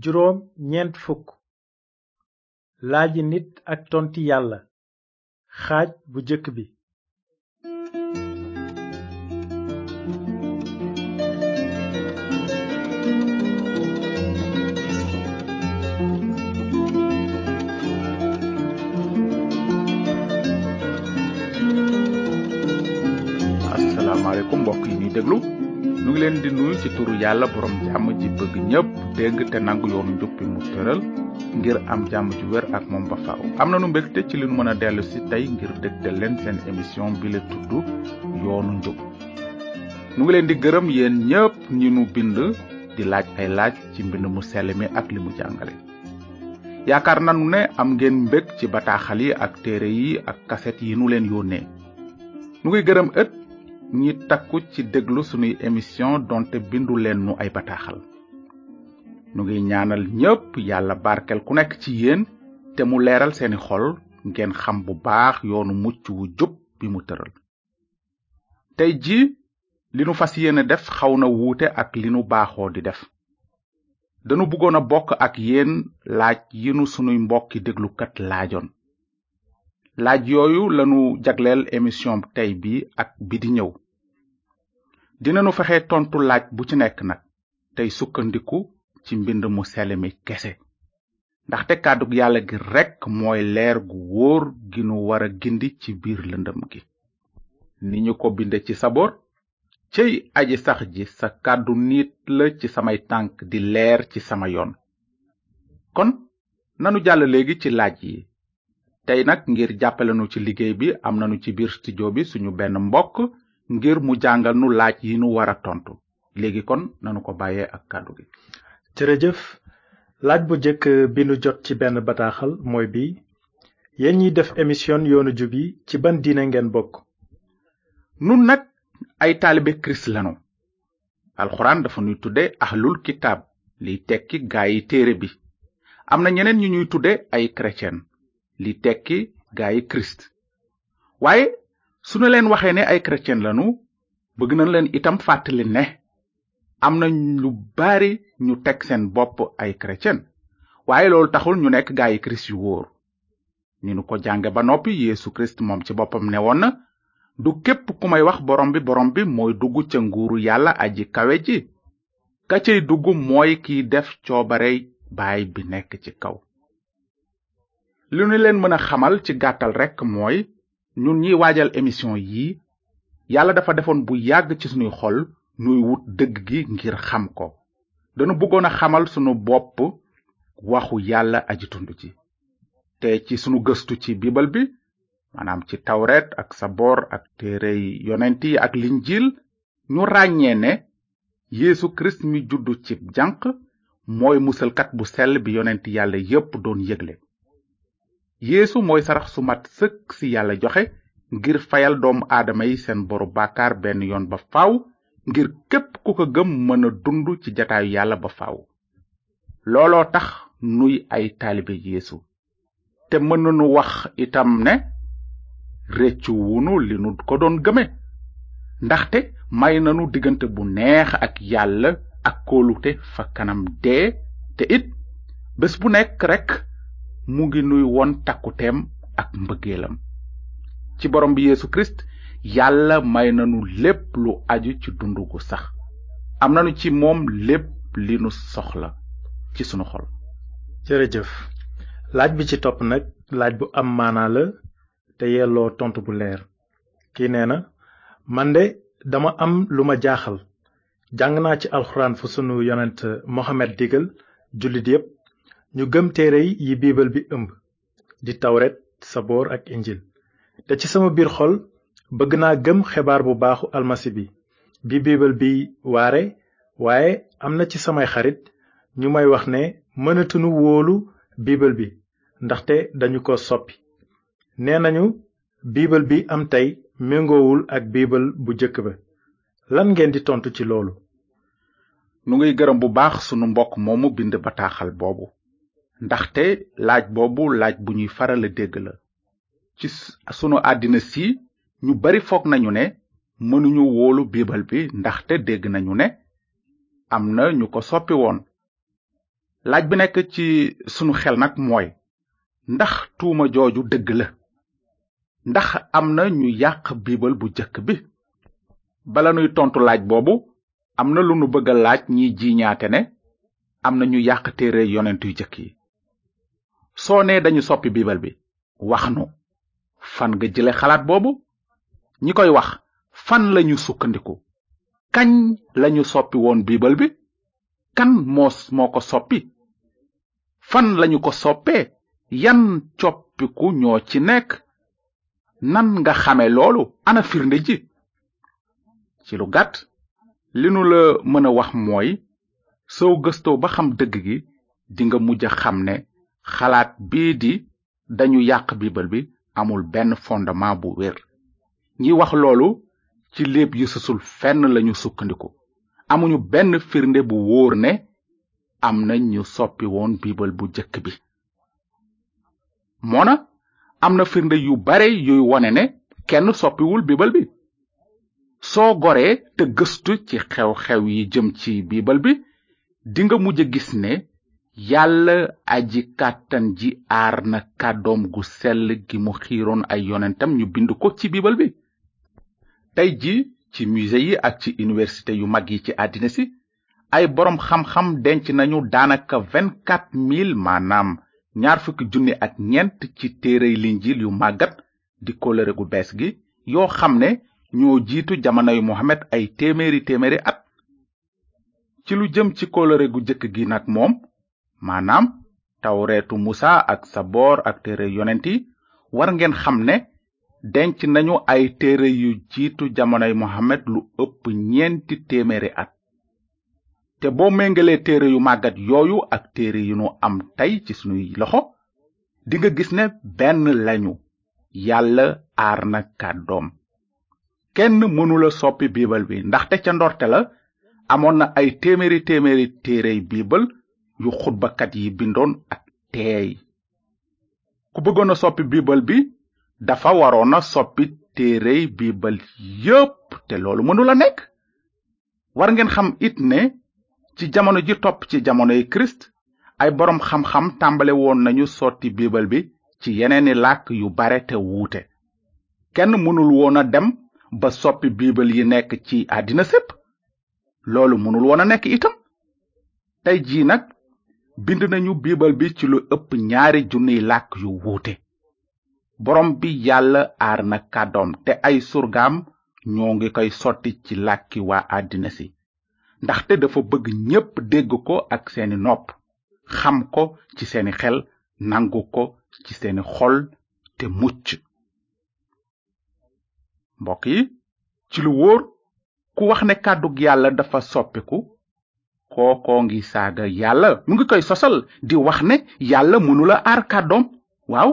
juróom ñeent fukk laaji nit ak tonti yàlla xaaj bu jëkk bi asalaamaaleykum mbokk yi ñuy déglu nu ngi leen di nuyu ci turu yàlla borom jàmm ji bëgg ñépp dégg te nangu yoonu njub bi mu tëral ngir am jàmm ju wér ak moom ba faaw am na nu mbégte ci li nu mën a dellu tey ngir dégtal leen seen émission bi la tudd yoonu njub nu ngi leen di gërëm yéen ñépp ni nu bind di laaj ay laaj ci mbind mu sell mi ak li mu jàngale yaakaar nanu ne am ngeen mbég ci bataaxal yi ak téere yi ak kaset yi nu leen yónnee nu ngi gërëm ët ñi takku ci déglu sunuy émission donte bindu leen nu ay bataaxal nu ngi ñaanal ñépp yàlla barkel ku nekk ci yéen te mu leeral seeni xol ngeen xam bu baax yoonu mucc wu jub bi mu tëral tey ji li nu fas yéene def xaw na wuute ak li nu baaxoo di def danu bëggoon a bokk ak yéen laaj yi nu sunuy mbokki déglukat laajoon laaj yooyu lanu jagleel émission tey bi ak bi di ñëw dinanu fexe tontu laaj bu ci nekk nag tey sukkandiku ci mbind mu sell mi kese ndaxte kàddu yàlla gi rekk mooy leer gu wóor gi nu wara gindi ci biir lëndëm gi ni ñu ko binde ci saboor cëy aji sax ji sa kàddu nit la ci samay tànk di leer ci sama yoon kon nanu jàll léegi ci laaj yi tey nag ngir jàppalenu ci liggéey bi am nanu ci biir studio bi suñu benn mbokk ngir mu jàngal nu laaj yi nu war a tontu léegi kon nanu ko bàyyee ak kàddu gi. jërëjëf laaj bu njëkk bi nu jot ci benn bataaxal mooy bi yéen ñiy def émission yoonu jub yi ci ban diine ngeen bokk. nun nag ay taalibe kirist lanu alxuraan dafa nuy tudde ahlul kitaab liy tekki gaa yi téere bi am na ñeneen yu ñuy tudde ay chrétien li tekki gaayi kirist waaye sunu leen waxee ne ay chrétien lanu bëgg nañ leen itam fàttali ne am na lu bari ñu teg seen bopp ay chrétien waaye loolu taxul ñu nekk gaayi kirist yu wóor ñu nu ko jànge ba noppi yeesu kirist moom ci boppam ne woon na du képp ku may wax borom bi borom bi mooy dugg ca nguuru yàlla aji kawe ji ka cay dugg mooy kiy def coobarey baay bi nekk ci kaw li nu leen mën a xamal ci gàttal rekk mooy ñun ñiy waajal émission yi yàlla dafa defoon bu yàgg ci sunuy xol nuy wut dëgg gi ngir xam ko danu bëggoon a xamal sunu bopp waxu yàlla aji tund ci te ci sunu gëstu ci bibal bi maanaam ci tawret ak saboor ak téerey yonent yi ak linjiil ñu ràññee ne yéesu kirist mi juddu cib janq mooy musalkat bu sell bi yonent yàlla yépp doon yëgle yéesu mooy sarax su mat sëkk ci yàlla joxe ngir fayal doomu aadama yi seen boru bàkkaar benn yoon ba faw ngir képp ku ko gëm mën a dund ci jataayu yàlla ba faw looloo tax nuy ay taalibe yéesu te mën na nanu wax itam ne réccu wunu li nu ko doon gëme ndaxte may nanu diggante bu neex ak yàlla ak kóolute fa kanam dee te it bés bu nekk rekk mu ngi nuy won takkuteem ak mbëggeelam ci borom bi yéesu Kirist yàlla may nanu lépp lu aju ci dund gu sax am nanu ci moom lépp li nu soxla ci sunu xol jërëjëf laaj bi ci topp nag laaj bu am maanaa la te yelloo tontu bu leer kii nee na man de dama am lu ma jaaxal jàng naa ci alxuraan fu sunu yonent Mohamed digal jullit yépp ñu gëm téere yi biibal bi ëmb di tawret saboor ak injil te ci sama biir xol bëgg naa gëm xibaar bu baaxu almasi bi bi biibal bi waare waaye am na ci samay xarit ñu may wax ne mënatuñu woolu biibal bi ndaxte dañu ko soppi nee nañu biibal bi am tey méngoowul ak biibal bu jëkk ba lan ngeen di tontu ci loolu nu ngiy gërëm bu baax sunu mbokk moomu bind bataaxal boobu ndaxte laaj boobu laaj bu ñuy faral a dégg la ci sunu àddina si ñu bari foog nañu ne mënuñu wóolu biibal bi ndaxte dégg nañu ne am na ñu ko soppi woon laaj bi nekk ci sunu xel nag mooy ndax tuuma jooju dëgg la ndax am na ñu yàq biibal bu jëkk bi bala nuy tontu laaj boobu am na lu nu bëgg a laaj ñiy jiiñaate ne am na ñu yàq téere yonent yu jëkk soo nee dañu soppi biibal bi wax nu fan nga jële xalaat boobu ñi koy wax fan lañu sukkandiku kañ lañu soppi woon biibal bi kan moos moo ko soppi fan lañu ko soppee yan coppiku ñoo ci nekk nan nga xame loolu ana firnde ji ci lu gàtt li nu la mën a wax mooy soo gëstoo ba xam dëgg gi dinga mujj a xam ne xalaat bii di dañu yàq bibal bi amul benn fondement bu wér ñi wax loolu ci léeb yu susul fenn lañu sukkandiku amuñu benn firnde bu wóor ne am na ñu soppi woon bu jëkk bi moona am na firnde yu bare yuy wone ne kenn soppiwul bible bi soo goree te ci xew-xew yi jëm ci bibal bi dinga mujj gis ne yàlla aji kàttan ji aar na kàddoom gu sell gi mu xiiroon ay yonentam ñu bind ko ci biibal bi tey ji ci musée yi ak ci université yu mag yi ci àddina si ay boroom xam-xam denc nañu daanaka 24000 maanaam ñaar fukki junni ak ñeent ci téerey linjiil yu màggat di kóllëre gu bees gi yoo xam ne ñoo jiitu jamonoy Muhammad ay téeméeri téeméeri at ci lu jëm ci kóllëre gu jëkk gi nag moom maanaam tawreetu musa ak saboor ak téere yonent yi war ngeen xam ne denc nañu ay téere yu jiitu jamonoy mohamed lu ëpp ñeenti téeméeri at te boo méngalee téere yu màggat yooyu ak téere yu nu am tey ci sunuy loxo dinga gis ne benn lañu yàlla aar na kàddoom kenn mënula soppi biibal bi ndaxte ca ndorte la amoon na ay téeméeri téeméeri téerey biibal yu xutbakat yi bindoon ak teey ku bëggoon a soppi biibal bi dafa waroon a soppi téerey biibal yépp te loolu mënula nekk war ngeen xam it ne ci jamono ji topp ci jamonoy Christ ay boroom xam-xam tàmbale woon nañu sotti biibal bi ci yeneeni làkk yu bare te wuute kenn mënul woon a dem ba soppi biibal yi nekk ci àddina sépp loolu mënul woon nekk itam tey jii nag bind nañu biibal bi ci lu ëpp ñaari junniy làkk yu wuute borom bi yàlla aar na kàddoom te ay surgaam ñoo ngi koy sotti ci làkki waa àddina si ndaxte dafa bëgg ñépp dégg ko ak seeni nopp xam ko ci seeni xel nangu ko ci seeni xol te mucc mbokk yi ci lu wóor ku wax ne kàddug yàlla dafa soppiku kookoo ngi saaga yàlla mu ngi koy sosal di wax ne yàlla mënula aar kàddoom waaw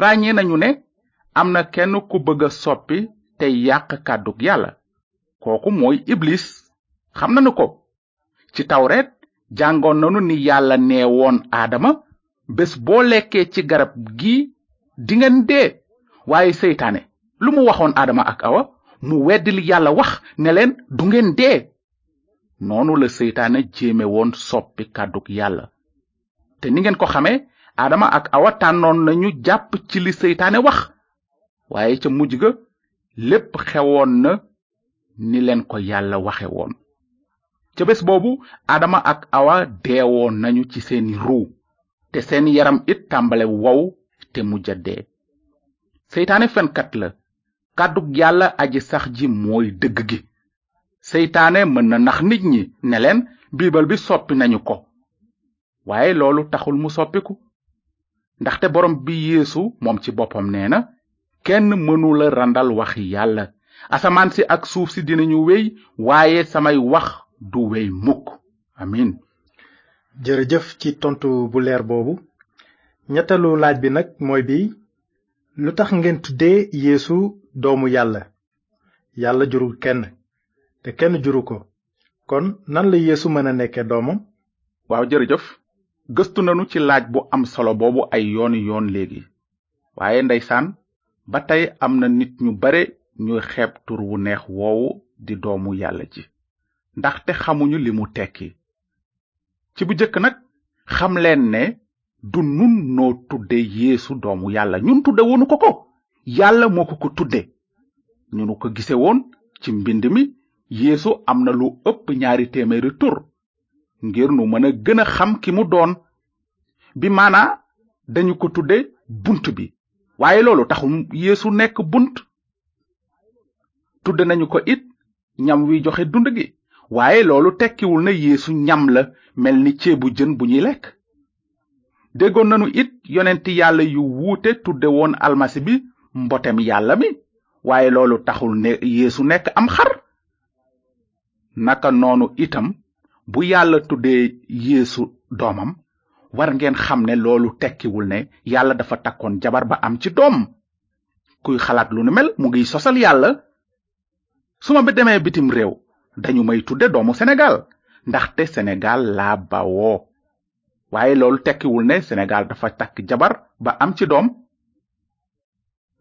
ràññee nañu ne am na kenn ku bëgg a soppi te yàq kàddug yàlla kooku mooy iblis xam nañu ko ci tawret jàngoon nanu ni yàlla neewoon aadama bés boo lekkee ci garab gi dingeen dee waaye seytaane lu mu waxoon aadama ak awa mu weddi li yàlla wax ne du ngeen dee noonu la seytaane jéeme woon soppi kàddug yàlla te ni ngeen ko xamee aadama ak awa tànnoon nañu jàpp ci li seytaane wax waaye ca mujj ga lépp xewoon na ni leen ko yàlla waxe woon ca bés boobu aadama ak awa deewoon nañu ci seeni ruu te seeni yaram it tàmbale wow te mujj a dee seytaane fenkat la kàddug yàlla aji sax ji mooy dëgg gi seytaane mën na nax nit ñi ne leen biibal bi soppi nañu ko waaye loolu taxul mu soppiku ndaxte borom bi yéesu moom ci boppam nee na kenn mënula randal wax yàlla asamaan si ak suuf si dinañu wéy waaye samay wax du wéy mukk amin jërëjëf ci tontu bu leer boobu ñettalu laaj bi nag mooy bi lu tax ngeen tuddee yéesu doomu yàlla yàlla jurul kenn te kenn juru ko kon nan la yéesu mën a nekke doomam waaw jërëjëf gëstu nanu ci laaj bu am solo boobu ay yooni yoon léegi waaye ndeysaan ba tey am na nit ñu bare ñuy xeeb tur wu neex woowu di doomu yàlla ji ndaxte xamuñu li mu tekki ci bu jëkk nag xam leen ne du nun noo tudde yeesu doomu yàlla ñun tudde woonu ko ko yàlla moo ko ko tudde ñu nu ko gise woon ci mbind mi yéesu am na lu ëpp ñaari téeméeri tur ngir nu mën a gën a xam ki mu doon bi maana dañu ko tudde bunt bi waaye loolu taxu yéesu nekk bunt tudde nañu ko it ñam wi joxe dund gi waaye loolu tekkiwul na yeesu ñam la mel ni ceebu jën bu ñuy lekk déggoon nanu it yonenti yàlla yu wuute tudde woon almasi bi mbotem yàlla mi waaye loolu taxul yéesu nekk am xar naka noonu itam bu yàlla tuddee yeesu doomam war ngeen xam ne loolu tekkiwul ne yàlla dafa takkoon jabar ba am ci doom kuy xalaat lu nu mel mu ngiy sosal yàlla su ma bi demee bitim réew dañu may tudde doomu Sénégal ndaxte Sénégal laa bawoo waaye loolu tekkiwul ne Sénégal dafa takk jabar ba am ci doom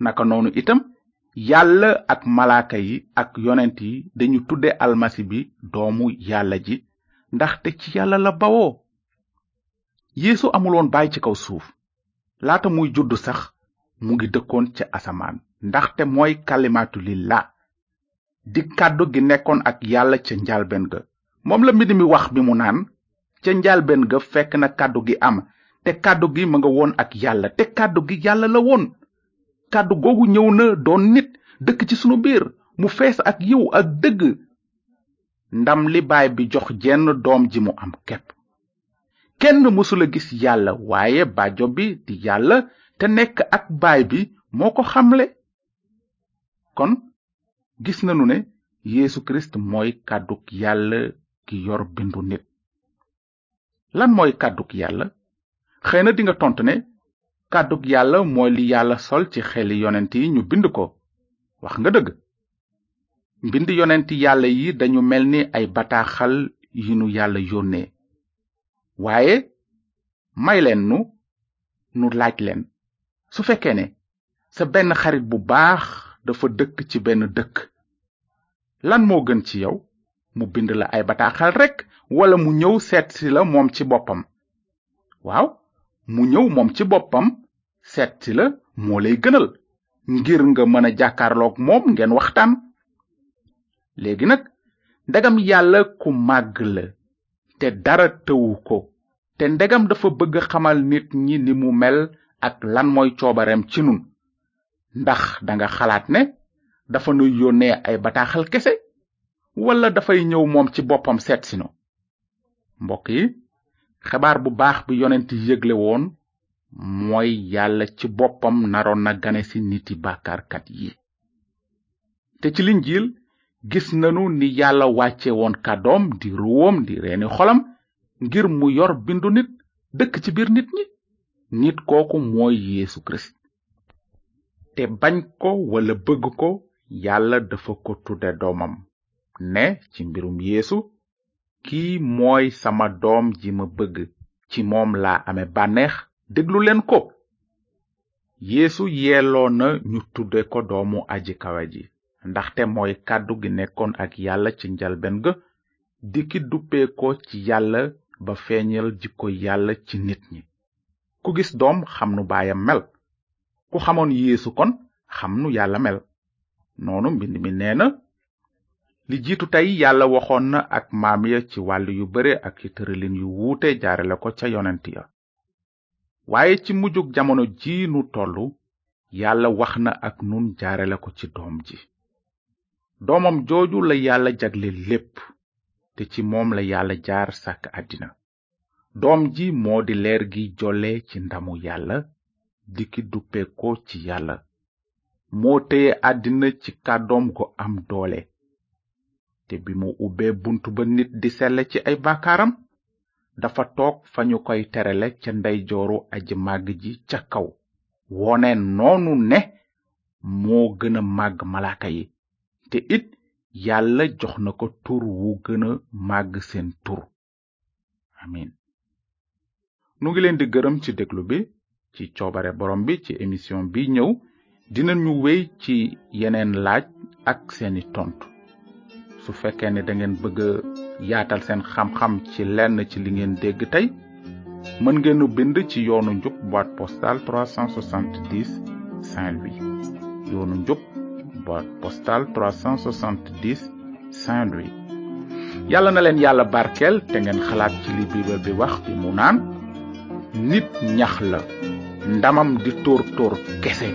naka noonu itam yàlla ak malaaka yi ak yonent yi dañu tudde almasi bi doomu yàlla ji ndax ndaxte ci yàlla la bawoo yéesu amuloon baay ci kaw suuf laata muy juddu sax mu ngi dëkkoon ca asamaan ndaxte mooy kalimaatu la di kàddu gi nekkoon ak yàlla ca njaalbeen ga moom la mbind mi wax bi mu naan ca njalbeen ga fekk na kàddu gi am te kàddu gi ma nga woon ak yàlla te kàddu gi yàlla la woon kàddu googu ñëw na doon nit dëkk ci sunu biir mu fees ak yiw ak dëgg ndam li baay bi jox jenn doom ji mu am képp kenn mësula gis yàlla waaye baajo bi di yàlla te nekk ak baay bi moo ko xamle kon gis nanu ne yéesu kirist mooy kàdduk yàlla ki yor bindu nit lan mooy kàdduk yàlla xëy na dinga tontu ne kàddug yàlla mooy li yàlla sol ci xeli yonent yi ñu bind ko wax nga dëgg mbind yonent yàlla yi dañu mel ni ay bataaxal yi nu yàlla yónnee waaye may leen nu nu laaj leen su fekkee ne sa benn xarit bu baax dafa dëkk ci benn dëkk lan moo gën ci yow mu bind la ay bataaxal rekk walla mu ñëw seetsi la moom ci boppam waaw mu ñëw moom ci boppam seetsi la moo lay gënal ngir nga mën a jàkkaarloog moom ngeen waxtaan léegi nag ndegam yàlla ku màgg la te dara tëwu ko te ndegam dafa bëgg xamal nit ñi ni mu mel ak lan mooy coobareem ci nun ndax danga xalaat ne dafa nu yónnee ay bataaxal kese walla dafay ñëw moom ci boppam seet sino mbokk yi xabaar bu baax bi yonent yëgle mooy yàlla ci boppam naroon na gane niti bàkkaarkat yi te ci linjiil gis nanu ni yàlla wàcce woon kàddoom di ruwam di reeni xolam ngir mu yor bindu nit dëkk ci biir nit ñi nit kooku mooy yeesu kirist te bañ ko walla bëgg ko yàlla dafa ko tudde doomam ne ci mbirum yeesu kii mooy sama doom ji ma bëgg ci moom laa ame bànneex déglu leen ko yéesu yeeloo na ñu tudde ko doomu aji ji ndaxte mooy kàddu gi nekkoon ak yàlla ci njalben ga di ki ko ci yàlla ba feeñal jikko yàlla ci nit ñi ku gis doom xam nu baayam mel ku xamoon yeesu kon xam nu yàlla mel noonu mbind mi nee na li jiitu tey yàlla waxoon na ak maam ya ci wàll yu bare ak ci tëralin yu wuute jaarale ko ca yonent ya waaye ci mujjug jamono ji nu tollu yàlla wax na ak nun jaarale ko ci doom ji doomam jooju la yàlla jagle lépp te ci moom la yàlla jaar sàkk àddina doom ji moo di leer gi jolle ci ndamu yàlla di ki duppe ko ci yàlla moo téye àddina ci kàddoom ko am doole te bi mu ubbee bunt ba nit di selle ci ay baakaaram dafa toog fa ñu koy terale ca ndeyjooru aji màgg ji ca kaw wone noonu ne moo gën a màgg malaaka yi te it yàlla jox na ko tur wu gën a màgg seen tur nu ngi leen di gërëm ci déglu bi ci coobare borom bi ci émission bi ñëw dina ñu wéy ci yeneen laaj ak seeni tontu su fekkee ne da ngeen bëgg yaatal seen xam-xam ci lenn ci li ngeen dégg tey mën ngeen a bind ci yoonu njub boîte postale 370 Saint-Louis yoonu njub boîte postale 370 Saint-Louis yàlla na leen yàlla barkeel te ngeen xalaat ci li biibal bi wax bi mu naan nit ñax la ndamam di tóor tóor kese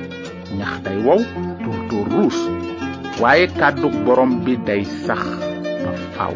ñax day wow tóor tóor ruus waaye kàddug borom bi day sax ba faw